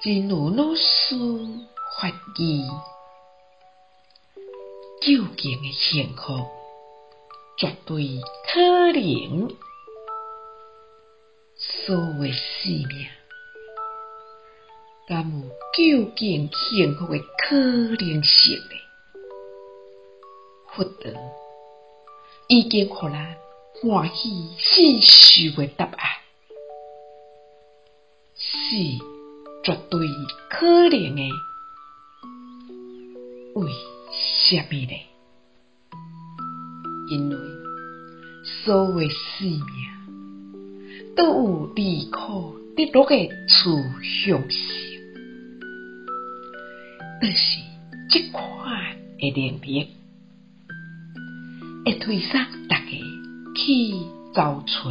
真如老師法語，究竟的幸福絕對可能，所有生命，但有究竟幸福的可能性的獲得，已經可能歡喜思噓的答案。絕對可能的，為什麼呢？因為所有的生命都有離苦得樂的處。趨向性，就是這款的能力，會推上大家去找找，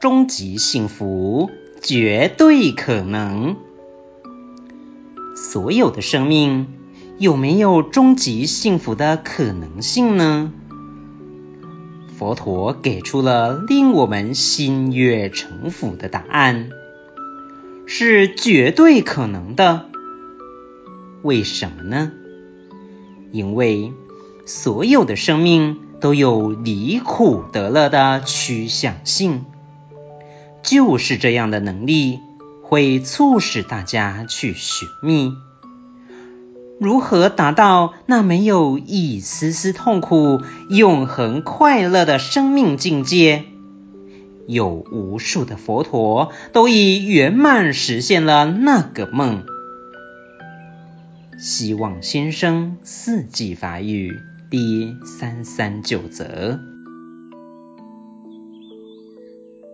終極幸福絕對可能。所有的生命有沒有終極幸福的可能性呢？佛陀給出了令我們心悅誠服的答案，是絕對可能的。為什麼呢？因為所有的生命都有離苦得樂的趨向性。就是這樣的能力，會促使大家去尋覓，如何達到那沒有一絲絲痛苦、永恆快樂的生命境界。有無數的佛陀都已圓滿實現了那個夢。希望新生《四季法語》第三三九則。